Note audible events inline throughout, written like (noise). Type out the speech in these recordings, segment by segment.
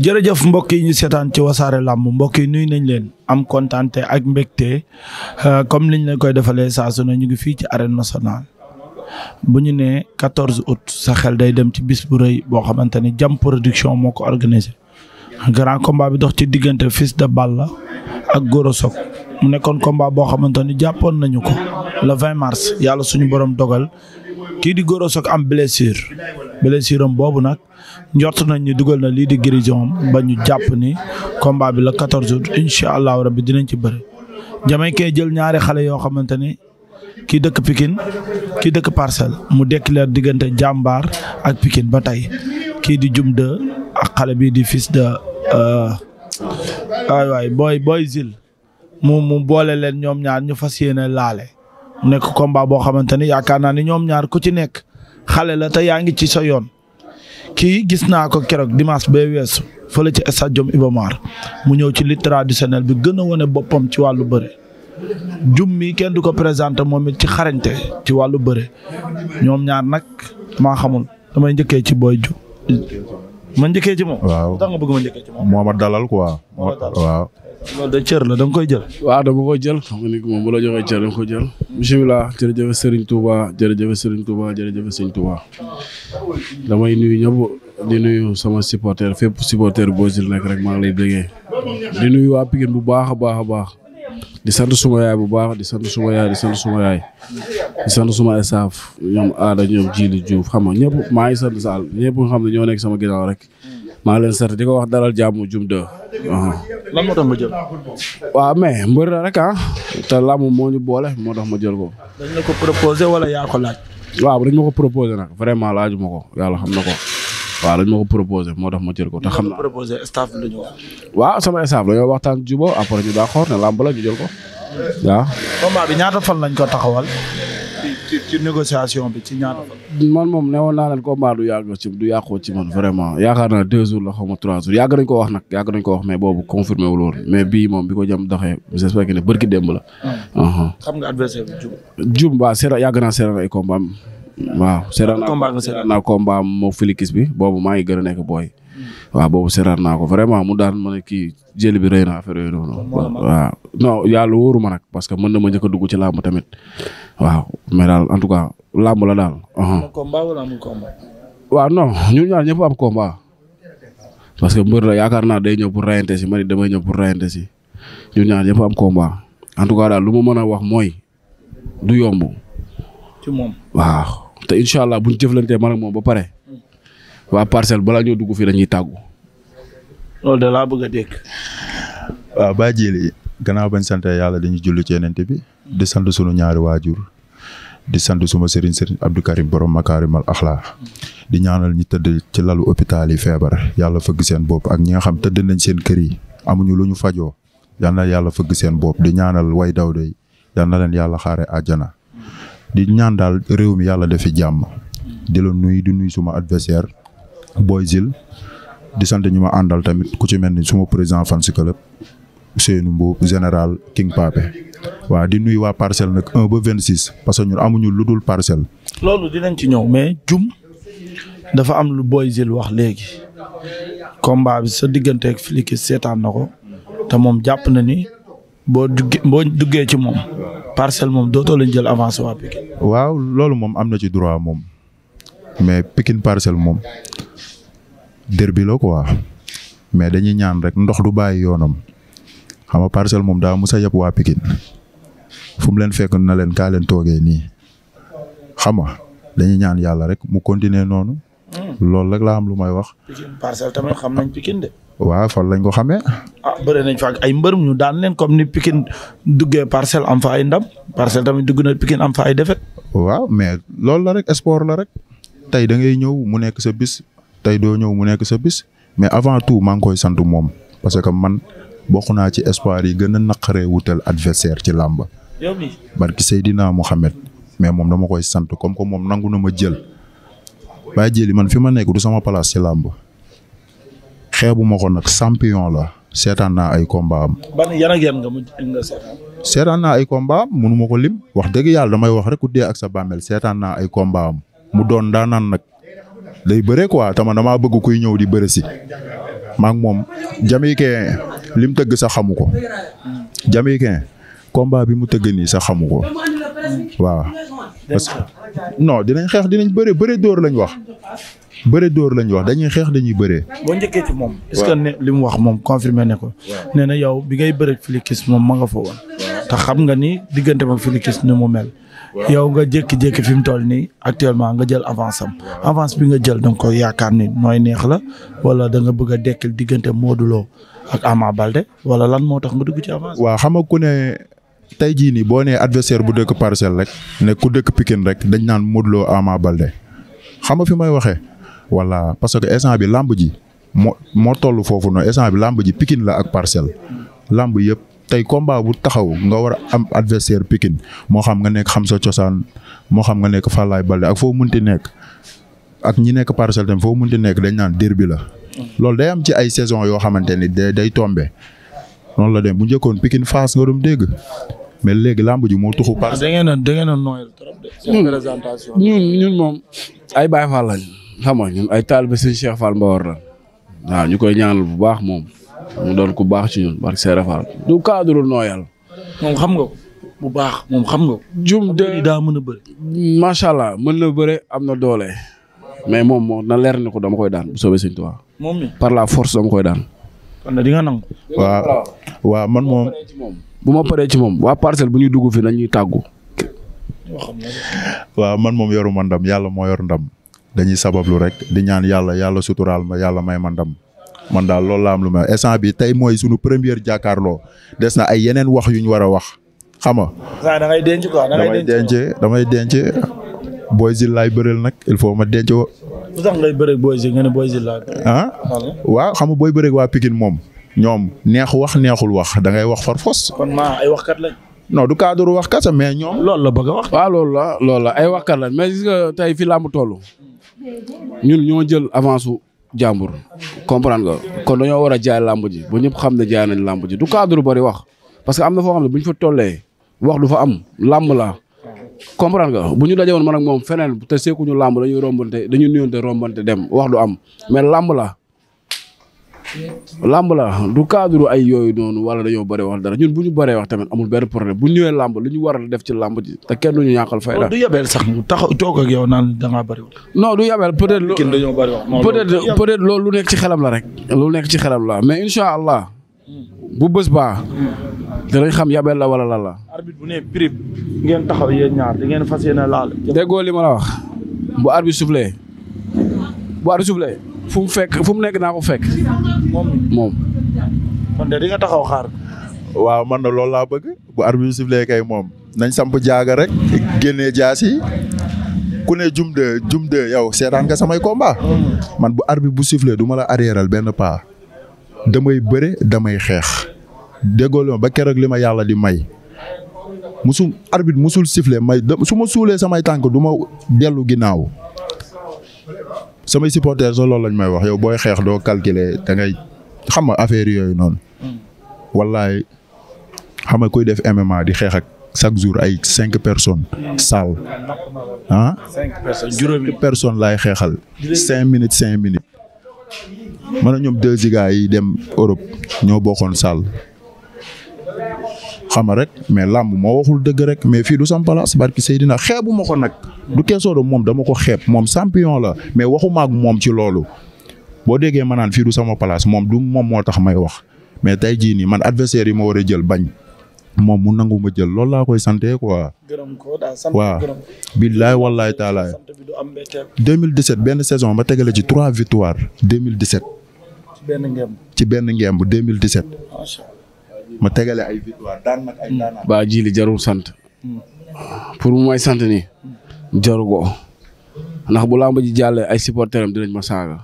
jërëjëf mbokk yi ñu seetaan ci wasaare làmb mbokk yi nuyu nañ leen am kontaan ak mbégte euh, comme liñ la koy defalee saa su ñu ngi fii ci arène nationale. bu ñu nee 14 août sa xel day dem ci bis bu rëy boo xamante ne jam production moo ko organisé grand combat bi dox ci diggante Fils de Balla ak Goro Sock mu nekkoon combat boo xamante ne jàppoon nañu ko le 20 mars yàlla suñu borom dogal. kii di goro Sock am blessure blessure am boobu nag njort nañ ñu dugal na lii di guérison ba ñu jàpp ni combat bi la 14 jours incha allahu rabbi dinañ ci bëri. Jamaïcain jël ñaari xale yoo xamante ni kii dëkk pikin kii dëkk Parcelles mu déclare diggante jàmbaar ak Pikine ba tey kii di Jum de ak xale bii di fils de euh, waay waay booy booy zil mu mu boole leen ñoom ñaar ñu fas yéene laale. nekk combat boo xamante ni yaakaar naa ni ñoom ñaar ku ci nekk xale la te yaa ngi ci sa yoon kii gis naa ko keroog dimaas bee weesu fële ci stade Iba Mar mu ñëw ci lutte traditionnelle bi gën a wane boppam ci wàllu bëre. jum mi kenn du ko présenté moom it ci xarañte ci wàllu bëre ñoom ñaar nag maa xamul damay njëkkee ci booy ju ma njëkkee ci moom. waaw tax nga moom. moo dalal quoi. waaw. loolu de cër la da koy jël. waaw dama koy jël xam nga ni moom mu la joxee cër da nga koy jël. bisimilah jërëjëf Serigne Touba jërëjëf Serigne Touba jërëjëf Serigne Touba damay nuyu ñëpp di nuyu sama supporter fépp supporter boo Jules nekk rek maa ngi lay déggee. di nuyu waa Pikine bu baax a baax a baax di sant suma yaay bu baax di sant suma yaay di sant suma yaay di sant suma esaaf ñoom aada ñoom jiili Diouf xam nga ñëpp maa ngi sant saal ñëpp xam ne ñoo nekk sama ginnaaw rek. maa ngi leen sant di ko wax dalal jàmm jum de. lan moo tax ma waaw mais mbër la rek a ah. te làmb moo ñu boole moo tax ma jël ko. dañ la ko proposé wala waaw dañ ma ko proposé nag vraiment laaju ma ko yàlla xam na ko. waaw dañ ma ko proposé moo tax ma jël ko. te xam naa proposé staff la ñu wax. waaw sama staff dañoo waxtaan jubo après ñu d'accord ne làmb la ñu jël ko waaw. combat bi ñaata lañ ko taxawal. ci ci négociation bi ci ñaata moom ne woon naa leen combat du yàgg ci du yàqoo ci man vraiment yaakaar naa deux jours la xaw ma trois jours yàgg nañ ko wax nag yàgg nañ ko wax mais boobu confirmé wul woon mais bii moom bi ko jëm doxee j'espère que ne ah. uh-huh. xam nga adversaire bi Dioum. Dioum waaw yàgg naa seera ay combat am ah. waaw seera naa combat nga seera naa combat am moo Félix bi boobu maa ngi gën a nekk booy. waaw boobu seetaan naa ko vraiment mu daal ma ne kii jëli bi rëy na affaire yooyu noonu. waaw non yàlla wóoru ma nag parce que mën na ma njëkk a dugg ci làmb tamit waaw mais daal en tout cas làmb la daal. combat wala amul combat. waaw non ñun ñaar ñëpp am combat parce que mbër yaakaar naa day ñëw pour rayante si damay ñëw pour rayante si ñun ñaar ñëpp am combat en tout cas daal lu ma mën a wax mooy du yomb. moom waaw te incha allah bu jëflantee man ak moom ba pare. waa parcelle balaa ñoo dugg fii dañuy tàggu. loolu de laa bëgg a dégg. waaw Baye Djily bañ sant yàlla dañuy julli ci yenente bi di sant sunu ñaari waajur di sant suma sëriñ sëriñ Abdou Karim borom makaarimal axlaa di ñaanal ñu tëdd ci lalu hôpital yi feebar yàlla fëgg seen bopp ak ñi nga xam tëdd nañ seen kër yi amuñu lu ñu fajoo yal yàlla fëgg seen bopp di ñaanal way daw de leen yàlla xaare àjjana di ñaan daal réew mi yàlla defi jàmm di la nuyu di nuy suma adversaire Boy Zil di sant ñu ma àndal tamit ku ci mel ni suma président fan si club Seynou Mboub général King Pape waaw di nuyu waa parcelle nag ba vingt six parce que ñun amuñu lu dul parcelle. loolu dinañ ci ñëw mais jum dafa am lu Boy Zil wax léegi combat bi sa digganteeg flic seetaan na ko te moom jàpp na ni boo duggee boo duggee ci moom parcelle moom dootoo leen jël avance waa Pikine. waaw loolu moom am na ci droit moom. mais Pikine parcelle moom derby la quoi mais dañuy ñaan rek ndox du bàyyi yoonam xam nga parcelle moom daa musa yab waa Pikine fu mu leen fekk na leen kaa leen toogee nii xam nga dañuy ñaan yàlla rek mu continuer noonu. loolu rek laa xam lu may wax. Pikine parcelle tamit xam nañ Pikine de. waaw fan lañ ko xamee. ah bëri nañ fa ay mbër ñu daal leen comme ni pikin dugge parcelle am fa ay ndam parcelle tamit dugg na Pikine am fa ay defet waaw mais loolu la rek sport la rek. tey da ngay ñëw mu nekk sa bis tey doo ñëw mu nekk sa bis mais avant tout maa ngi koy sant moom parce que man bokk naa ci espoir yi gën a naqaree wutal adversaire ci làmba barki Seydina Mohamed mais moom dama koy sant comme que moom nangu na ma jël bàyyi jëli man fi ma nekk du sama place ci làmb xeebu ma ko nag champion la seetaan naa ay combat am. ay combat am ma ko lim wax dëgg yàlla damay wax rek ku dee ak sa bàmmeel seetaan naa ay combat mu doon daa naan nag day bëre quoi tama damaa bëgg kuy ñëw di bëre si maak moom Jamaïcain lim tëgg sa xamu ko Jamaïcain combat bi mu tëgg nii sa xamu ko waaw parce que dinañ xeex dinañ bëre bëre dóor lañ wax bëre dóor lañ wax dañuy xeex dañuy bëree. boo njëkkee ci moom. est ne li mu wax moom confirmé ne ko. nee na yow bi ngay bëre Félix moom ma nga fa woon. tax xam nga ni diggante ma Félix ni mu mel. yow nga jékki-jékki fi mu toll nii actuellement nga jël avance am. avance bi nga jël danga ko yaakaar ni nooy neex la wala da nga bëgg a dekkil diggante Modou Lo ak Ama Balde wala lan moo tax nga dugg ci avance. waa xam nga ku ne tey jii nii boo nee adversaire bu dëkk parcelle rek ne ku dëkk Pikine rek dañ naan Modou Lo Ama Balde xam nga fi may waxee. wala parce que instant bi làmb ji moo moo toll foofu noonu instant bi lamb ji Pikine la ak parcelle lamb yëpp. tey combat bu taxaw nga war a am adversaire Pikine moo xam nga nekk xam soo cosaan moo xam nga nekk Falaye Balde ak foo munti nekk ak ñi nekk parcelle tamit foo munti nekk dañ naan derby la. loolu day am ci ay saison yoo xamante ni day day tombé noonu la dem bu njëkkoon pikin Fass nga doon dégg mais léegi lamb ji moo tuxu. parce que da ngeen a da a nooyal trop hmm. moom. ay Baye Fall lañ xam nga ñun ay taalibe Serigne Cheikh Fall Mbawar waaw ñu koy ñaanal bu baax moom. mu doon ku baax ci ñun barke Serigne Fall du cadre nooyal. moom xam nga bu baax xam nga. jum de daa mën a bëri. macha allah mën na bëre am na doole. mais moom moom na leer ne ko dama koy daan bu soobee Serigne Touba. moom par la force dama koy daan. kon nag di waaw waaw man moom. bu ma paree ci moom waa parcelle bu ñuy dugg fi nañuy tàggu. waaw man moom yoruma ndam yàlla moo yor ndam dañuy sabablu rek di ñaan yàlla yàlla suturaal ma yàlla may ma ndam. man daal loolu la am lu ma instant bi tey mooy sunu première jàkkaarloo des na ay yeneen wax yu ñu war a wax xam nga. waaw da ngay denc damay denc Boy Zil laay bëreel nag il faut ma denc wa lu tax ngay bëreeg Boy Zil nga ne Boy Zil laa. ah xam booy bëreeg waa Pikine moom. ñoom neex wax neexul wax da ngay wax farfos. kon maa ay waxkat lañ. du cadre wax sax mais ñoom. loolu la bëgg a wax. lool la lool la ay waxkat lañ mais gis nga tey fi làmb toll ñun ñoo jël avance jàmbur comprendre nga kon dañoo war a jaay làmb ji ba ñëpp xam ne jaay nañ làmb ji du cadre lu bëri wax parce que am na foo xam ne bu ñu fa tollee wax du fa am làmb la comprendre bu ñu dajewoon man ak moom feneen te seekuñu làmb dañuy rombante dañuy nuyonte rombante dem wax du am mais làmb làmb la du cadre ay yooyu noonu wala dañoo bëree wax dara ñun bu ñu bëree wax tamit amul benn problème bu ñëwee làmb li ñu war a def ci làmb ji te kenn duñu ñàkkal fayda du yabeel sax mu tax toog ak naan da ngaa bëri wax non du yabeel peut être peut être peut être loolu lu nekk ci xelam la rek lu nekk ci xelam la mais incha allah bu bës baa danañ xam yabeel la wala lan la arbitre bu ne prib ngeen taxaw yéen ñaar di ngeen fas yéene laal déggoo li ma la bu arbitre soufflé bu fu mu fekk fu mu nekk naa ko fekk. moom moom. kon de di nga taxaw xaar. waaw man na loolu laa bëgg bu arbitre sifflee kay moom nañ samp jaaga rek génnee jaas yi ku ne jum de jum de yow seetaan nga samay combat man bu arbitre bu sifflee du ma la arriéral benn paa damay bëre damay xeex déggoo ma ba keroog li ma yàlla di may musul arbitre musul sifflee may su ma suulee samay tànk du ma dellu ginnaaw. samay supporters sax loolu lañ may wax yow booy xeex doo calculer da ngay xam nga affaire yooyu noonu. Hmm. wallaay xam nga koy def MMA di xeex ak chaque jour ay cinq personnes. salle ah. cinq personnes juróomi personnes laay xeexal. cinq minutes cinq minutes. man a ñoom deux gars yi dem Europe ñoo bokkoon salle. xama rek mais làmb moo waxul dëgg rek mais fii du sam place barki Seydina xeebu ma ko nag. du Kesso moom dama ko xeeb moom champion la mais waxuma ak moom ci loolu boo déggee ma naan fii du sama place moom du moom moo tax may wax mais tey jii nii man adversaire yi ma war a jël bañ. moom mu nangu ma jël loolu laa koy sante quoi. gërëm ko daal sant waaw billaay wallaay mille 2017 benn saison ma tegale ci trois victoires 2017. ci benn ngemb ci benn ngemb 2017. macha allah ma tegale ay victoire daan nag ba jili jarul sant. pour mu may sant nii. jarugo ndax bu làmb ji jàllee ay di nañ ma saaga.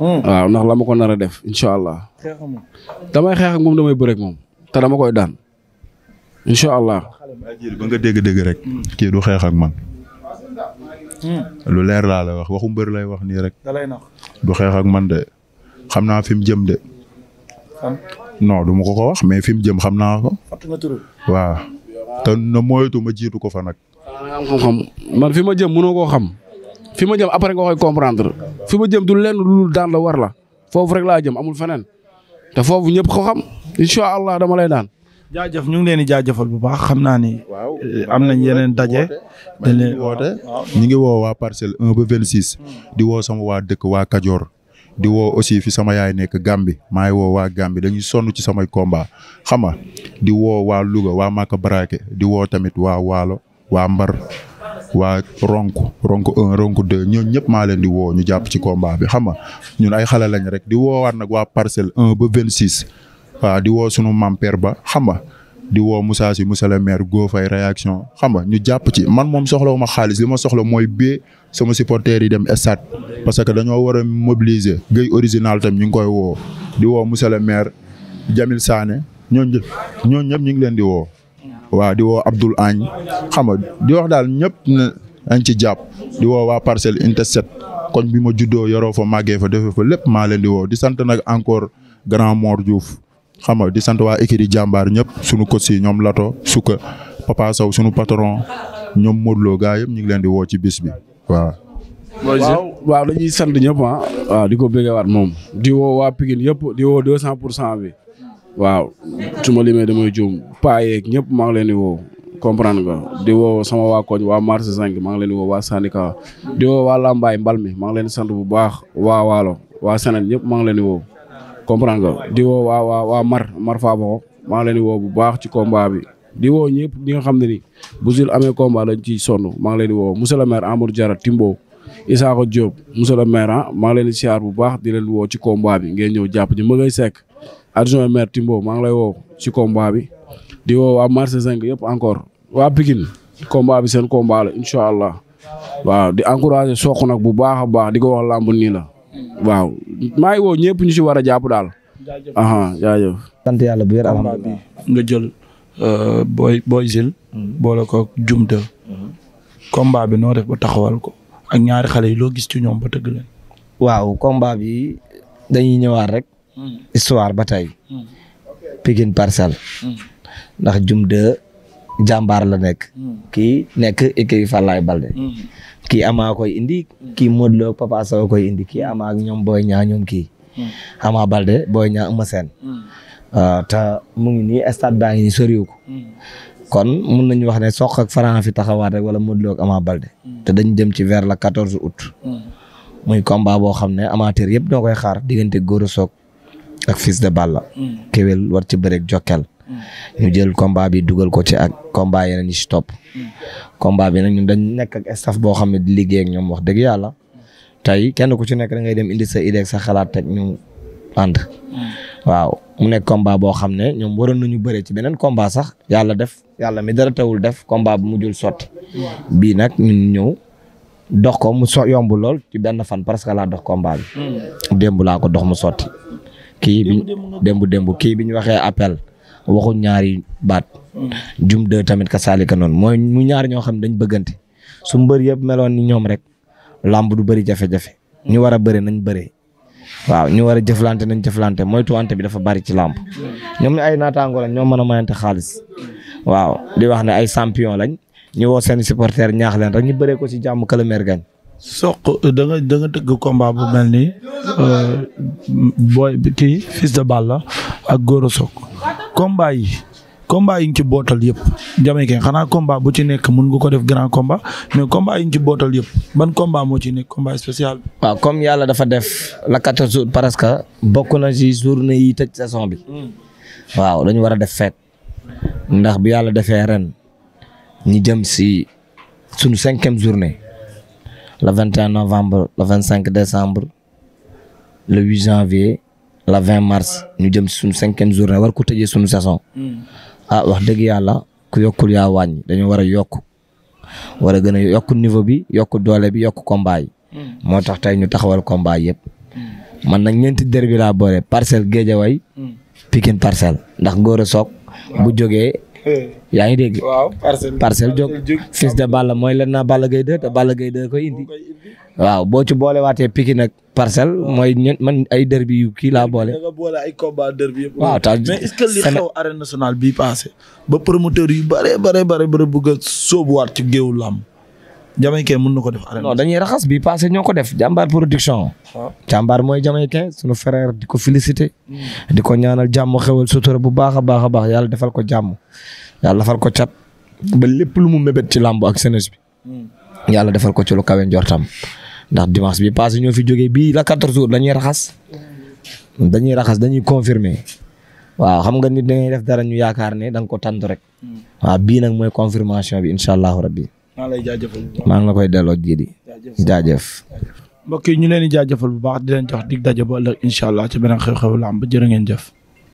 Hmm. waaw ndax la ma ko nar a def incha allah. damay xeex moom damay bëreeg moom te dama koy daan incha allah. jili ba nga dégg-dégg rek. Hmm. kii du xeex ak man. Hmm. lu leer laa wax waxu mbër lay wax nii rek. da lay du xeex ak man de xam naa fi mu jëm de. non du ma ko ko wax mais fi mu jëm xam naa ko. waaw. te na moytu ma jiitu ko fa nag. xam man fi ma jëm mënoo koo xam fi ma jëm après nga koy comprendre fi ma jëm du lenn lu daan la war la foofu rek laa jëm amul feneen te foofu ñëpp ko xam incha allah dama lay daan. jaajëf ñu ngi leen di jaajëfal bu baax xam naa ni. Eh, am nañ ñeneen daje. dañ leen woote ñu ngi woo waa parcelle un ba di woo sama waa dëkk waa Kajoor. di woo aussi fi sama yaay nekk Gàmbi maa ngi woo waa Gàmbi dañuy sonn ci samay combat xam nga di woo waa Louga waa Maka Barake di woo tamit waa Waalo waa Mbar waa Ronk Ronk 1 Ronk 2 ñoo ñëpp maa leen di woo ñu jàpp ci combat bi xam nga ñun ay xale lañ rek di woowaat nag waa parcelle un ba 26. waa di woo sunu mamper ba xam nga di woo Moussa si Moussa le maire góo fay réaction xam nga ñu jàpp ci man moom soxla wu ma xaalis li ma soxla mooy bee sama supporters yi dem stade parce que dañoo war a mobiliser Gueye original tam ñu ngi koy woo di woo monsieur le maire Jamil Sané ñooñu ñëpp ñooñu ñëpp ñu ngi leen di woo. waaw di woo Abdoul Agne xam nga di wax daal ñëpp na añ ci jàpp di woo waa parcelle unité 7 koñ bi ma juddoo yoroo fa màggee fa defee fa lépp maa leen di woo di sant nag encore grand Mor Diouf xam nga di sant waa écurie jàmbaar ñëpp sunu coach yi ñoom Lato Suka Papa Sow sunu patron ñoom Modou Lo gaa yëpp ñu ngi leen di woo ci bis bi waaw. waa waaw dañuy sant ñëpp ah. waaw di ko bëggee waat moom. di woo waa Pikine yëpp di woo deux cent pour cent bi. waaw su ma limee damay juum paa yeeg ñëpp maa ngi leen di woo comprendre nga di woo sama waa koñ waa marché Zang maa ngi leen di woo waa Sandika di woo waa Lambaay mbal mi maa ngi leen di sant bu baax waa Waalo waa Sénégal ñëpp maa ngi leen di woo. comprendre nga di woo waa waa Mar Mar Faabo maa ngi woo bu baax ci combat bi di woo ñëpp ñi nga xam ne ni bu Zul amee combat lañ ciy sonn maa ngi leen di woo monsieur le maire Amadou Isaaxa Diop monsieur le maire ah, maa ngi leen siyaar bu baax di leen woo ci combat bi ngeen ñëw jàpp ci Mbagay Seck adjoint maire Timbo maa ngi lay woo ci combat bi di woo waa marché 5 yëpp encore waa Pikine combat bi seen combat la allah waaw di encouragé soq nag bu baax a baax di ko wax nii la waaw maa ngi woo ñëpp ñu si war a jàpp daal. aha yàlla bu jël euh, hmm. booy ko jumte. Hmm. bi noo def ba taxawal ko. ak ñaari xale yi loo gis ci ñoom ba tëgg waaw combat bi dañuy ñëwaat rek. Hmm. histoire ba tey. Hmm. Pikine Parcelles. Hmm. ndax jum de jàmbaar la nekk. kii nekk écurie Falaye Balde. kii Ama koy indi. kii Modou Lo koy indi kii Ama ñoom Boy Niang ñoom kii. Ama Balde Boy Niang Eumeu Sène. Ah, te mu ngi ni stade baa ngi kon mun nañu wax ne Sokh ak Franc fi taxawaat rek wala Modou Lo ak Ama mm. te dañ jëm ci vers la quatorze août. Mm. muy combat boo xam ne amateur yëpp doo koy xaar diggante Gora Sock ak Fils de Balla. Mm. kéwél war ci bareek Jokal. ñu jël combat bi dugal ko ci ak combat yeneen yi ci topp. combat bi nag ñu dañ nekk ak staff boo xam ne di liggéey ak ñoom wax dëgg yàlla. tey kenn ku ci nekk da ngay dem indi sa idée sa xalaat teg ñu ànd. waaw mu nekk combat boo xam ne ñoom waroon nañu bëre ci beneen combat sax yàlla def yàlla mi dara tawul def combat bu mujjul sotti bii nag ñu ñëw dox ko mu so yomb lool ci benn fan parce que laa dox combat bi hmm. démb laa ko dox mu sotti kii bi démb démb kii bi ñu waxee appel waxu ñaari baat hmm. jum de tamit ka saalika noonu mooy mu ñaari ñoo xam ne dañ bëggante su mbër yëpp meloon ni ñoom rek làmb du bëri jafe-jafe ñu war a bëri nañ bëri waaw ñu war a jëflante nañ jëflante moytuwante bi dafa bari ci làmb ñoom ñu ay naataangoor lañ ñoo mën a mayante xaalis waaw di wax ne ay champion lañ ñu woo seen supporter ñaax leen rek ñu bëree ko ci jàmm kële meer gañ soq da nga da nga tëgg combat bu mel ni euh, booy kii Fils de Balla ak góor Sock combat yi combat yi ñu ci bootal yëpp Jamaïcain xanaa combat bu ci nekk mun nga ko def grand combat mais combat yi ñu ci bootal yëpp ban combat moo ci nekk combat spécial. waaw comme yàlla dafa def la quatorze jours parce que bokk na ci journée yi tëj saison bi. Hmm. waaw dañu war a def fête. ndax bi yàlla defee ren ñu jëm si suñu cinquième journée. le vingt et un novembre le vingt cinq décembre le huit janvier la vingt mars ñu jëm si suñu cinquième journée war ko tëjee suñu saison. Hmm. ah wax dëgg yàlla ku yokkul yaa wàññi dañu war a yokk war a gën a yokk niveau bi yokk doole bi yokk combat hmm. moo tax tey ñu taxawal combat yëpp. Hmm. man nag ñeenti derbi laa boole parcelle way hmm. Pikine parcelle ndax Ngor Sock bu jógee (laughs) yaa ngi dégg. waaw parcelle parcelle jóg fils de Balla mooy lan naa Balla Gaye 2 te Balla Gaye 2 koy indi. waaw boo ci boolewaatee Pikine nag parcelle mooy man ay derbi yu kii laa boole. da ay combat derbi yëpp. waaw tax mais est-ce que li xew arène nationale bii passé ba promoteur yu bare bare bare bëgg a sóobuwaat ci géewu làmb jamay Jamaïcain mën na ko def. non dañuy raxas bi passé ñoo ko def jàmbaar production. waaw jàmbaar mooy Jamaïcain sunu frère di ko félicité. Hmm. di ko ñaanal jàmm xewal sutura bu baax a baax baax yàlla defal ko jàmm. yàlla defal ko cat ba lépp lu mu mébét ci làmb ak sénès bi. Hmm. yàlla defal ko ci lu kawe njortam ndax dimanche bi passé ñoo fi jógee bii la 14 jours dañuy raxas. dañuy raxas dañuy confirmer. waaw xam nga nit da ngay def dara ñu yaakaar ne da nga ko tànn rek. Hmm. waaw bii nag mooy confirmation bi incha allahu rabbi maa ngi lay jaajëfal bu baax maa ngi la koy delloo jaajëf mbokk yi ñu leen di jaajëfal bu baax di leen jox dig daje ba ëllëg incha allah ci beneen xew-xewu làmb jërë ngeen jëf.